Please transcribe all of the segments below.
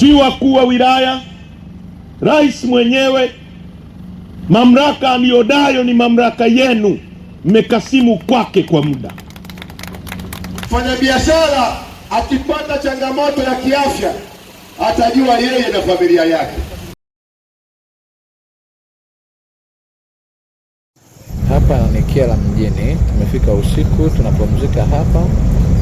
si wakuu wa wilaya, rais mwenyewe. Mamlaka aliyonayo ni mamlaka yenu, mmekasimu kwake kwa muda. Mfanyabiashara akipata changamoto ya kiafya atajua yeye na familia yake. Hapa ni Kyela mjini, tumefika usiku, tunapumzika hapa.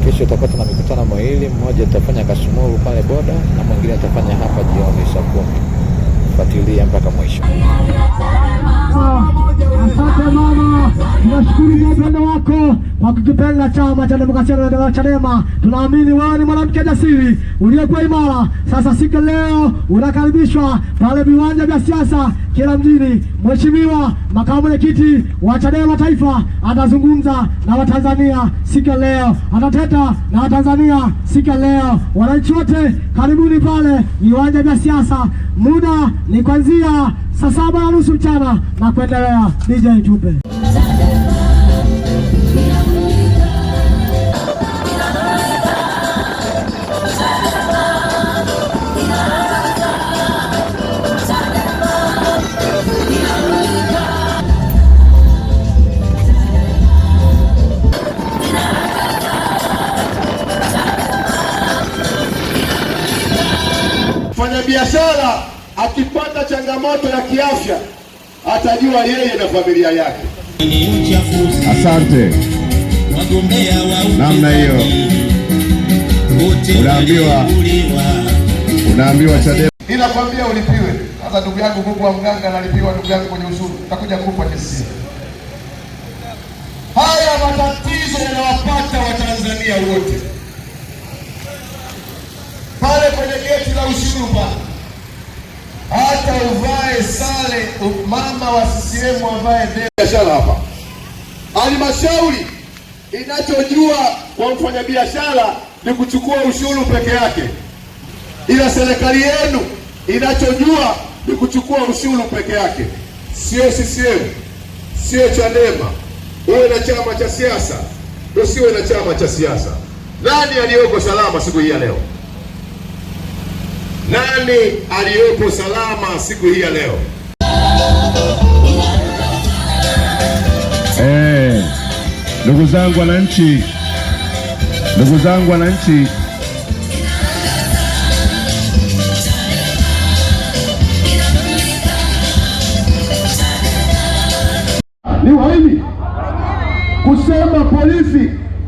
Kesho tutakuwa tuna mikutano miwili, mmoja utafanya Kasumuru pale boda na mwingine utafanya hapa jioni saa kumi. Fuatilia mpaka mwisho. Ah, wakikipenda chama cha demokrasia na Chadema. Tunaamini wewe ni mwanamke jasiri uliyekuwa imara. Sasa siku leo unakaribishwa pale viwanja vya siasa kila mjini. Mheshimiwa makamu mwenyekiti wa Chadema Taifa atazungumza na Watanzania siku leo, atateta na Watanzania siku leo. Wananchi wote karibuni pale viwanja vya siasa, muda ni kuanzia saa saba na nusu mchana na kuendelea. DJ Jupe Mfanyabiashara akipata changamoto ya kiafya atajua yeye na familia yake. Asante. Namna hiyo unaambiwa, unaambiwa Chadema ninakwambia ulipiwe. Sasa ndugu yangu, Mungu wa mganga analipiwa ndugu yangu kwenye ushuru, takuja kukupa kesi. Haya matatizo yanawapata Watanzania wote kwenye geti la ushuhuda, hata uvae sare. Mama wa CCM avae biashara hapa, halmashauri inachojua kwa mfanyabiashara ni kuchukua ushuru peke yake, ila serikali yenu inachojua ni kuchukua ushuru peke yake, sio CCM, sio Chadema. Uwe na chama cha siasa, usiwe na chama cha siasa. Nani aliyoko salama siku hii ya leo? Nani aliyopo salama siku hii ya leo? Eh, ndugu zangu wananchi, ndugu zangu wananchi, ni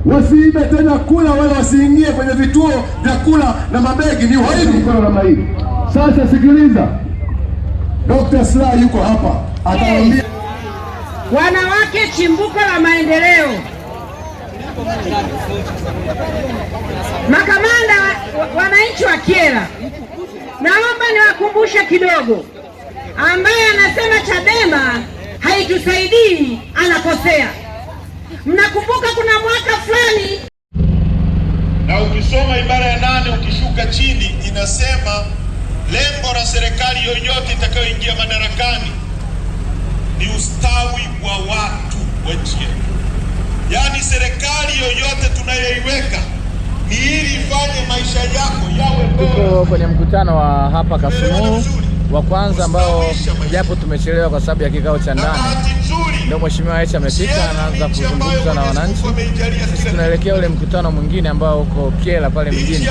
wasiibe tena kula wala wasiingie kwenye vituo vya kula na mabegi. Ni uhaini namna hii. Sasa sikiliza, Dr. Slaa yuko hapa atawaambia wanawake chimbuko la maendeleo. Makamanda wananchi wa Kyela, naomba niwakumbushe kidogo, ambaye anasema Chadema haitusaidii anakosea. Mnakumbuka kuna mwaka fulani, na ukisoma ibara ya nane ukishuka chini inasema lengo la serikali yoyote itakayoingia madarakani ni ustawi wa watu wa nchi yetu. Yaani serikali yoyote tunayoiweka ni ili ifanye maisha yako yawe bora. Tuko kwenye mkutano wa hapa Kasumu wa kwanza ambao japo tumechelewa kwa sababu ya kikao cha ndani ndio Mheshimiwa Aisha amefika anaanza kuzungumza na wananchi. Sisi tunaelekea ule mkutano mwingine ambao uko Kyela pale mjini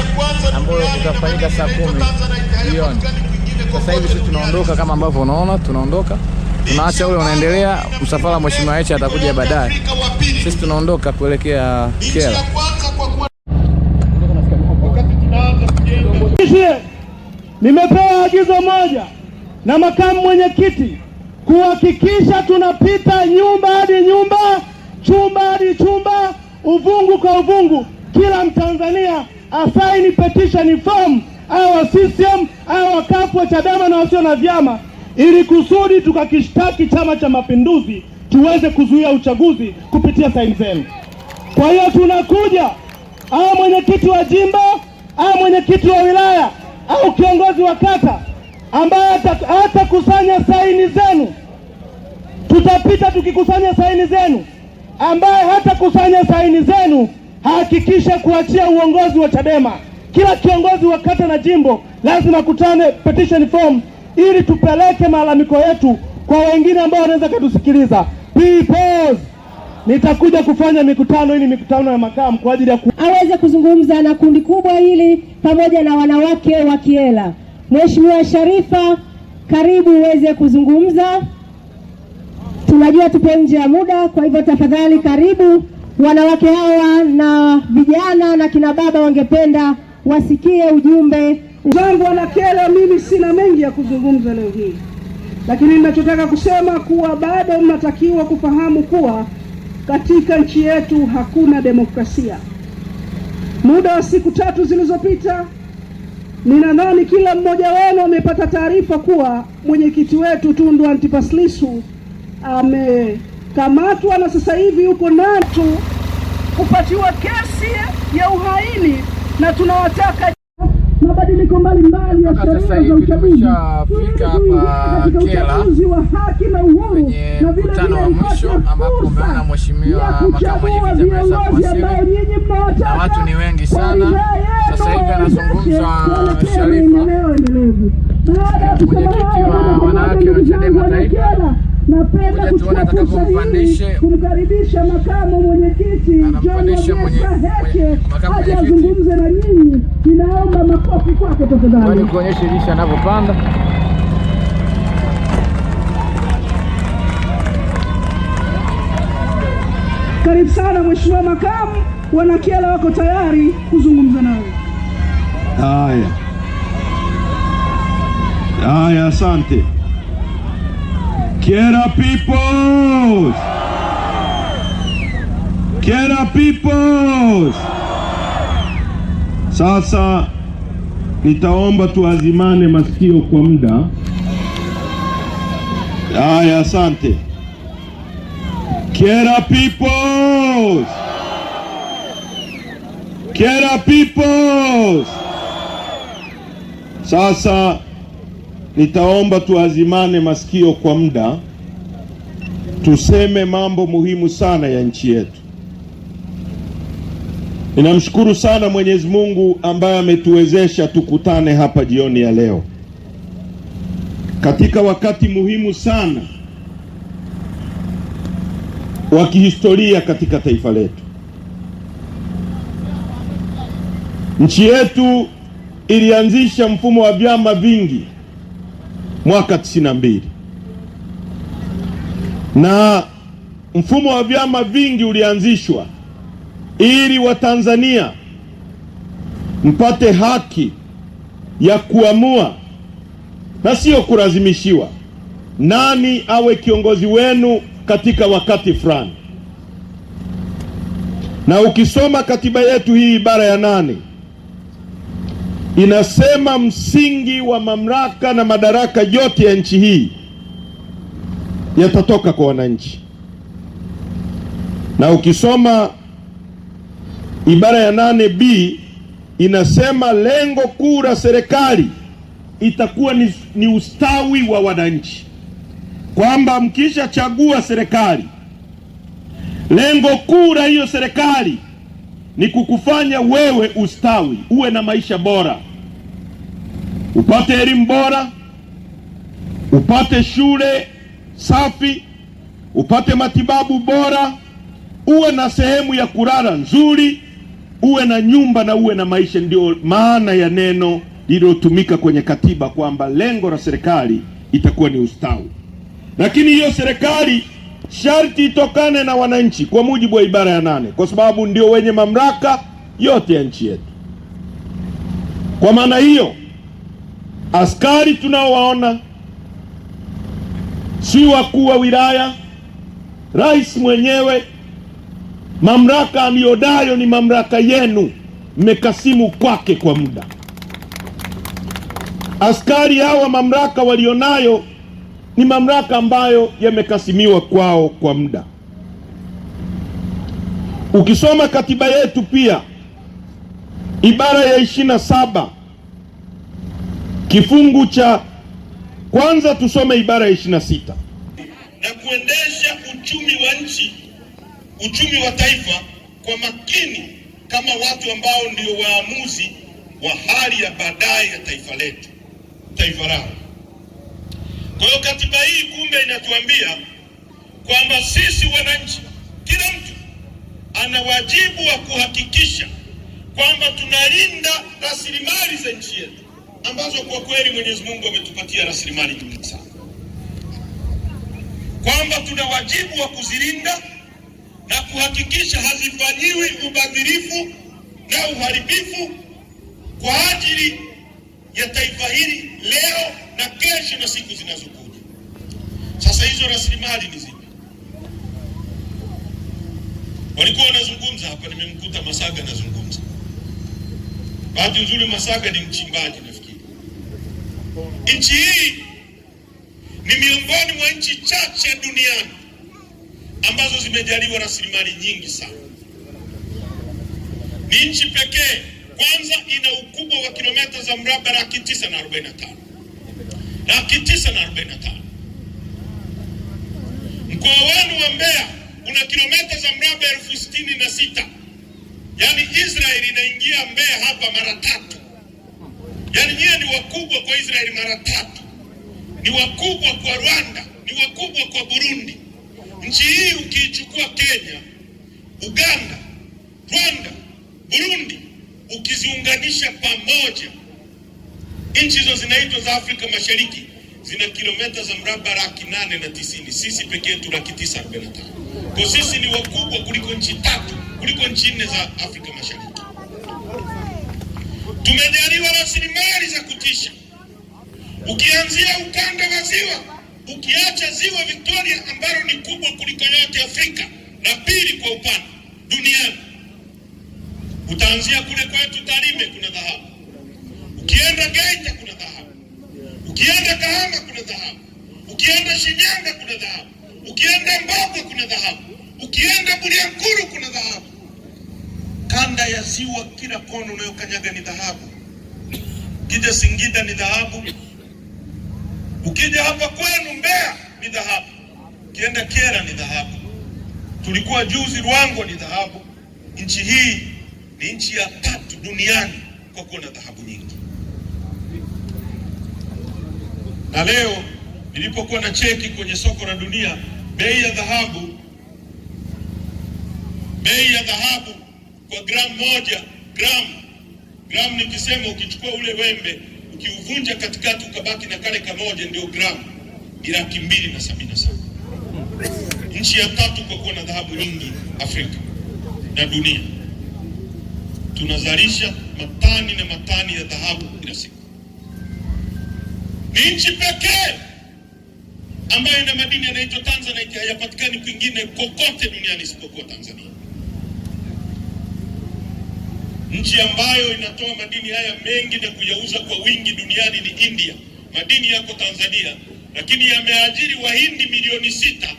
ambao utafanyika saa kumi jioni. Sasa hivi sisi tunaondoka kama ambavyo unaona, tunaondoka tunaacha ule unaendelea. Msafara wa Mheshimiwa Aisha atakuja baadaye, sisi tunaondoka kuelekea Kyela. Nimepewa agizo moja na makamu mwenyekiti kuhakikisha tunapita nyumba hadi nyumba, chumba hadi chumba, uvungu kwa uvungu, kila Mtanzania asaini petition form, awe wa CCM awe wa CUF wa CHADEMA na wasio na vyama, ili kusudi tukakishtaki Chama cha Mapinduzi tuweze kuzuia uchaguzi kupitia saini zenu. Kwa hiyo tunakuja, awe mwenyekiti wa jimbo, awe mwenyekiti wa wilaya au kiongozi wa kata ambaye hatakusanya saini zenu, tutapita tukikusanya saini zenu. Ambaye hatakusanya saini zenu, hakikisha kuachia uongozi wa Chadema. Kila kiongozi wa kata na jimbo lazima kutane petition form ili tupeleke malalamiko yetu kwa wengine ambao wanaweza katusikiliza. People, nitakuja kufanya mikutano ili mikutano ya makamu kwa ajili ya ku... aweze kuzungumza na kundi kubwa hili pamoja na wanawake wa Kiela. Mheshimiwa Sharifa, karibu uweze kuzungumza. Tunajua tupo nje ya muda, kwa hivyo tafadhali karibu. Wanawake hawa na vijana na kina baba wangependa wasikie ujumbe zangu. kela mimi sina mengi ya kuzungumza leo hii, lakini ninachotaka kusema kuwa bado mnatakiwa kufahamu kuwa katika nchi yetu hakuna demokrasia. Muda wa siku tatu zilizopita Ninadhani kila mmoja wenu amepata taarifa kuwa mwenyekiti wetu Tundu Antipas Lissu amekamatwa na sasa hivi yuko natu kupatiwa kesi ya uhaini, na tunawataka mabadiliko mbalimbali ya sheria za uchaguzi katika uchaguzi wa haki na uhuru, na vile vile fursa ya kuchagua viongozi ambayo nyinyi mnawataka. Watu ni wengi sana sasa hivi anazungumza Sharifa, mwenyekiti wa wanawake wa Chadema Taifa. Napenda kumkaribisha makamu mwenyekiti aje azungumze na nyinyi. Ninaomba makofi kwake tafadhali, kuonyesha jinsi anavyopanda Karibu sana mheshimiwa makamu, wanakiela wako tayari kuzungumza nawe. Haya haya, asante Kyela peoples, Kyela peoples. Sasa nitaomba tuazimane masikio kwa muda. Haya, asante Kyela peoples, Kyela peoples. Sasa nitaomba tuazimane masikio kwa muda, tuseme mambo muhimu sana ya nchi yetu. Ninamshukuru sana Mwenyezi Mungu ambaye ametuwezesha tukutane hapa jioni ya leo katika wakati muhimu sana wa kihistoria katika taifa letu, nchi yetu ilianzisha mfumo wa vyama vingi mwaka 92 na mfumo wa vyama vingi ulianzishwa ili Watanzania mpate haki ya kuamua na sio kulazimishiwa nani awe kiongozi wenu katika wakati fulani. Na ukisoma katiba yetu hii ibara ya nane inasema msingi wa mamlaka na madaraka yote ya nchi hii yatatoka kwa wananchi, na ukisoma ibara ya nane b inasema lengo kuu la serikali itakuwa ni, ni ustawi wa wananchi, kwamba mkishachagua serikali, lengo kuu la hiyo serikali ni kukufanya wewe ustawi, uwe na maisha bora, upate elimu bora, upate shule safi, upate matibabu bora, uwe na sehemu ya kulala nzuri, uwe na nyumba na uwe na maisha. Ndio maana ya neno lililotumika kwenye katiba kwamba lengo la serikali itakuwa ni ustawi, lakini hiyo serikali sharti itokane na wananchi kwa mujibu wa ibara ya nane, kwa sababu ndio wenye mamlaka yote ya nchi yetu. Kwa maana hiyo, askari tunaowaona si wakuu wa wilaya, rais mwenyewe. Mamlaka aliyonayo ni mamlaka yenu, mmekasimu kwake kwa muda. Askari hawa mamlaka walionayo ni mamlaka ambayo yamekasimiwa kwao kwa muda. Ukisoma katiba yetu pia ibara ya ishirini na saba kifungu cha kwanza, tusome ibara ya ishirini na sita na kuendesha uchumi wa nchi, uchumi wa taifa kwa makini kama watu ambao ndio waamuzi wa hali ya baadaye ya taifa letu, taifa lao. Kwa hiyo katiba hii kumbe inatuambia kwamba sisi wananchi, kila mtu ana wajibu wa kuhakikisha kwamba tunalinda rasilimali za nchi yetu ambazo kwa kweli Mwenyezi Mungu ametupatia rasilimali nyingi sana, kwamba tuna wajibu wa kuzilinda na kuhakikisha hazifanyiwi ubadhirifu na uharibifu kwa ajili ya taifa hili leo na kesho na siku zinazokuja. Sasa hizo rasilimali ni zipi? Walikuwa wanazungumza hapa, nimemkuta Masaga anazungumza. Bahati nzuri Masaga ni mchimbaji, nafikiri nchi hii ni miongoni mwa nchi chache duniani ambazo zimejaliwa rasilimali nyingi sana. Ni nchi pekee kwanza, ina ukubwa wa kilomita za mraba laki tisa na arobaini na tano laki tisa na arobaini na tano. Mkoa wenu wa Mbeya una kilometa za mraba elfu sitini na sita. Yaani Israeli inaingia Mbeya hapa mara tatu. Yaani nyie ni wakubwa kwa Israeli mara tatu, ni wakubwa kwa Rwanda, ni wakubwa kwa Burundi. Nchi hii ukiichukua Kenya, Uganda, Rwanda, Burundi, ukiziunganisha pamoja Nchi hizo zinaitwa za Afrika Mashariki zina kilomita za mraba laki nane na tisini, sisi pekee tu laki tisa arobaini na tano. Kwa sisi ni wakubwa kuliko nchi tatu kuliko nchi nne za Afrika Mashariki. Tumejaliwa rasilimali za kutisha, ukianzia ukanda wa ziwa, ukiacha ziwa Victoria ambalo ni kubwa kuliko yote Afrika na pili kwa upana duniani. Utaanzia kule kwetu Tarime, kuna dhahabu Ukienda Geita kuna dhahabu, ukienda Kahama kuna dhahabu, ukienda Shinyanga kuna dhahabu, ukienda Mbogwe kuna dhahabu, ukienda Bulyanhulu kuna dhahabu. Kanda ya Ziwa, kila kona unayokanyaga ni dhahabu. Ukija Singida ni dhahabu, ukija hapa kwenu Mbeya ni dhahabu, ukienda kera ni dhahabu, tulikuwa juzi Ruangwa ni dhahabu. Nchi hii ni nchi ya tatu duniani kwa kuwa na dhahabu nyingi. Na leo nilipokuwa na cheki kwenye soko la dunia, bei ya dhahabu, bei ya dhahabu kwa gramu moja, gramu gramu, nikisema ukichukua ule wembe ukiuvunja katikati ukabaki na kale kamoja, ndio gramu ni laki mbili na sabini na saba. Nchi ya tatu kwa kuwa na dhahabu nyingi Afrika na dunia, tunazalisha matani na matani ya dhahabu kila siku. Ni nchi pekee ambayo ina madini yanaitwa tanzanite, hayapatikani kwingine kokote duniani isipokuwa Tanzania, nchi ambayo inatoa madini haya mengi na kuyauza kwa wingi duniani ni India. Madini yako Tanzania, lakini yameajiri Wahindi milioni sita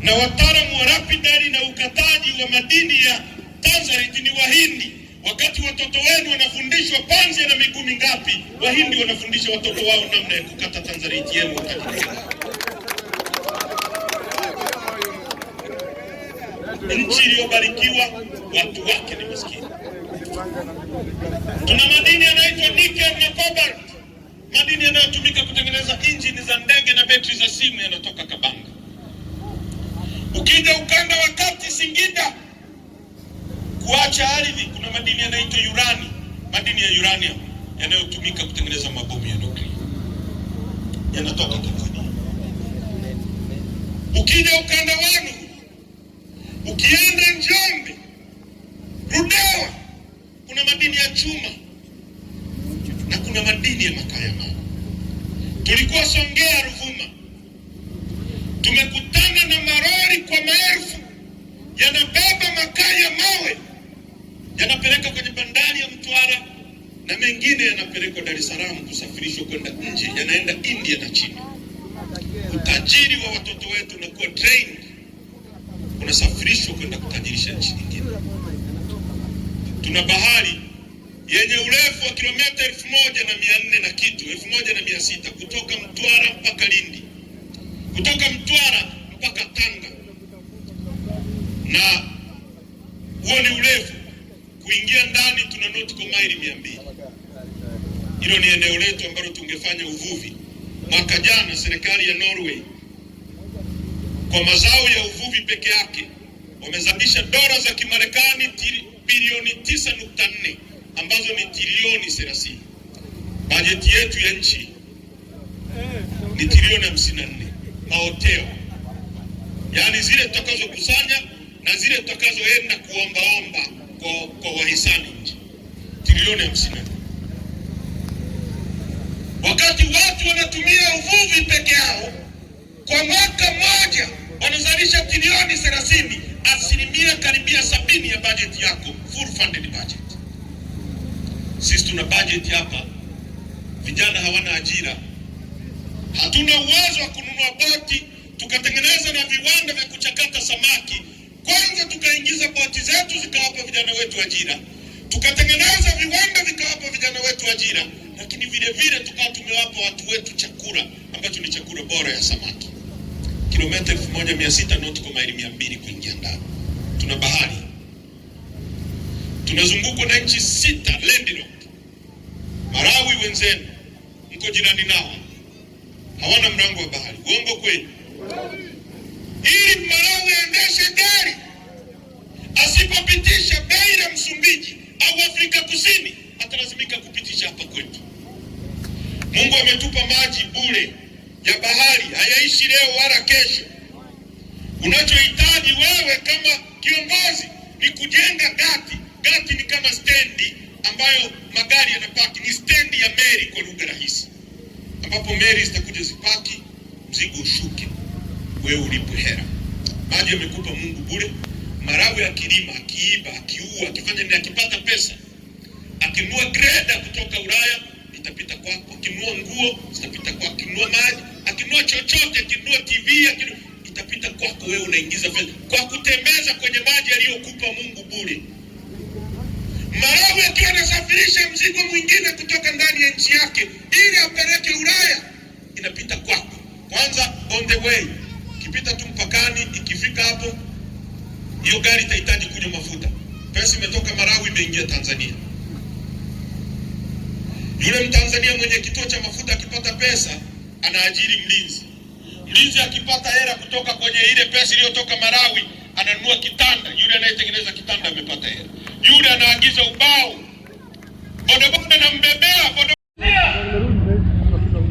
na wataalamu wa rapidari na ukataji wa madini ya tanzanite ni Wahindi. Wakati watoto wenu wanafundishwa panzi na miguu mingapi, Wahindi wanafundisha watoto wao namna ya kukata tanzariti yenu wakati nchi iliyobarikiwa watu wake ni maskini. Tuna madini yanaitwa nickel na cobalt, madini yanayotumika kutengeneza injini za ndege na betri za simu yanatoka Kabanga. Ukija ukanda wa kati Singida kuacha ardhi. Kuna madini yanaitwa urani, madini ya uranium yanayotumika kutengeneza mabomu ya nuklia yanatoka Tanzania. Ukija ukanda wanu, ukienda Njombe, rudewa kuna madini ya chuma na kuna madini ya makaa ya mawe. Tulikuwa Songea, Ruvuma, tumekutana na marori kwa maelfu yanabeba makaa ya mawe yanapelekwa kwenye bandari ya Mtwara na mengine yanapelekwa Dar es Salaam kusafirishwa kwenda nje, yanaenda India na China. Utajiri wa watoto wetu unakuwa train unasafirishwa kwenda kutajirisha nchi nyingine. Tuna bahari yenye urefu wa kilomita elfu moja na mia nne na kitu, elfu moja na mia sita kutoka Mtwara mpaka Lindi, kutoka Mtwara mpaka Tanga, na huo ni urefu kuingia ndani tuna ndio tuko maili mia mbili. Hilo ni eneo letu ambalo tungefanya uvuvi. Mwaka jana serikali ya Norway kwa mazao ya uvuvi peke yake wamezalisha dola za Kimarekani bilioni 9.4 ambazo ni trilioni 30. Bajeti yetu ya nchi ni trilioni 54. Maoteo yaani zile tutakazokusanya na zile tutakazoenda kuombaomba kwa wahisani trilioni hamsini. Wakati watu wanatumia uvuvi peke yao kwa mwaka mmoja wanazalisha trilioni thelathini, asilimia karibia sabini ya bajeti yako full funded budget. Sisi tuna budget hapa, vijana hawana ajira, hatuna uwezo wa kununua boti tukatengeneza na viwanda vya kuchakata samaki kwanza tukaingiza boti zetu zikawapa vijana wetu ajira, tukatengeneza viwanda vikawapa vijana wetu ajira, lakini vile vile tukawa tumewapa watu wetu chakula ambacho ni chakula bora ya samaki. Kilomita elfu moja mia sita maili mia mbili kuingia ndani, tuna bahari, tunazungukwa na nchi sita landlocked. Marawi wenzenu mko jirani nao, hawana mlango wa bahari. Uongo kweli? ili Mlawi aendeshe gari asipopitisha bei Msumbiji au Afrika Kusini atalazimika kupitisha hapa kwetu. Mungu ametupa maji bure ya bahari, hayaishi leo wala kesho. Unachohitaji wewe kama kiongozi ni kujenga gati. Gati ni kama stendi ambayo magari yanapaki, ni stendi ya meli kwa lugha rahisi, ambapo meli zitakuja zipaki, mzigo ushuke wewe ulipwe hela. Maji amekupa Mungu bure. Marawi akilima, akiiba, akiua, akifanya nini, akipata pesa, akinua greda kutoka Ulaya itapita kwako, akinua nguo zitapita kwako, akinua maji, akinua chochote, akinua TV, akinua itapita kwako. Wewe unaingiza fedha kwa kutembeza kwenye maji aliyokupa Mungu bure. Marawi akiwa anasafirisha mzigo mwingine kutoka ndani ya nchi yake ili apeleke Ulaya, inapita kwako. Kwanza on the way ikipita tu mpakani, ikifika hapo, hiyo gari itahitaji kunywa mafuta. Pesa imetoka marawi imeingia Tanzania. Yule mtanzania mwenye kituo cha mafuta akipata pesa anaajiri mlinzi. Mlinzi akipata hela kutoka kwenye ile pesa iliyotoka marawi ananunua kitanda. Yule anayetengeneza kitanda amepata hela. Yule anaagiza ubao, bodaboda anambebea boda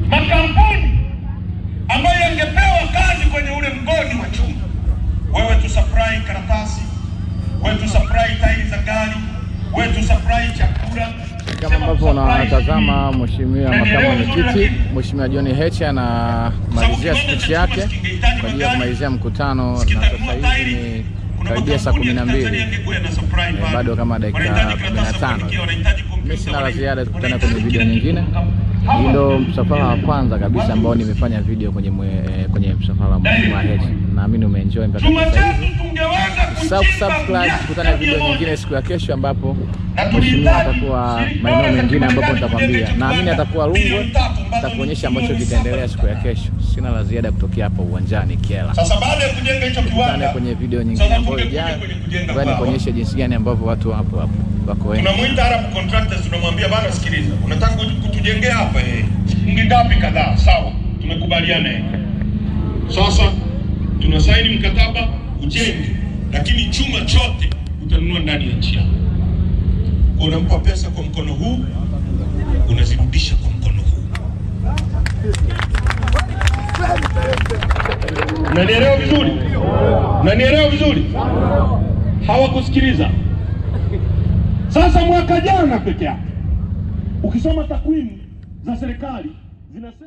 makampuni ambayo yangepewa kazi kwenye ule mgodi wa chuma. Wewe tu supply karatasi, wewe tu supply tairi za gari, wewe tu supply chakula. Kama ambavyo unatazama mheshimiwa makamu mwenyekiti, Mheshimiwa John Heche anamalizia speech yake kwa ajili ya kumalizia mkutano, na sasa hivi ni karibia saa kumi na mbili, eh, bado kama dakika 15. Mimi sina la ziada, tukutane kwenye video nyingine. Hilo msafara wa kwanza kabisa ambao nimefanya video kwenye mwe, eh, kwenye msafara wa Mwalimu Naamini umeenjoy mpaka sasa subscribe kusubscribe, kutana video nyingine siku ya kesho, ambapo mheshimiwa atakuwa maeneo mengine, ambapo nitakwambia, naamini atakuwa Rungwe, nitakuonyesha ambacho kitaendelea siku ya kesho. Sina la ziada kutokea hapa uwanjani Kiela. Sasa baada ya kujenga hicho kiwanda, kwenye video nyingine ambayo ijayo, ngoja nikuonyeshe jinsi gani ambavyo watu hapo hapo wako wengi. Tunamuita Arab Contractors, tunamwambia bana, sikiliza, unataka kutujengea hapa eh, shilingi ngapi? Kadhaa, sawa, tumekubaliana. Sasa tunasaini mkataba ujenge lakini chuma chote utanunua ndani ya nchi yako. Unampa pesa kwa mkono huu, unazirudisha kwa mkono huu. Nanielewa vizuri? Nanielewa vizuri? Hawakusikiliza. Sasa mwaka jana peke yake ukisoma takwimu za serikali zinasema